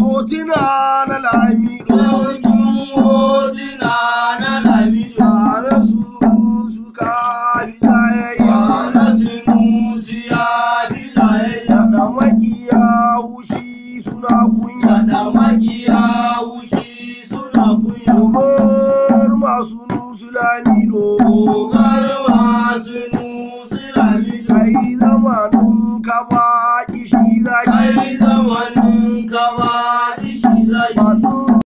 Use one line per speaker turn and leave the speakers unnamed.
Hotuna na lami Hotuna
na lamido. Tare su suka biyayya. Tare Da makiya suna kunya. Da makiya hushi suna kunya. masu nusulani do. masu nusulani I'll is the one.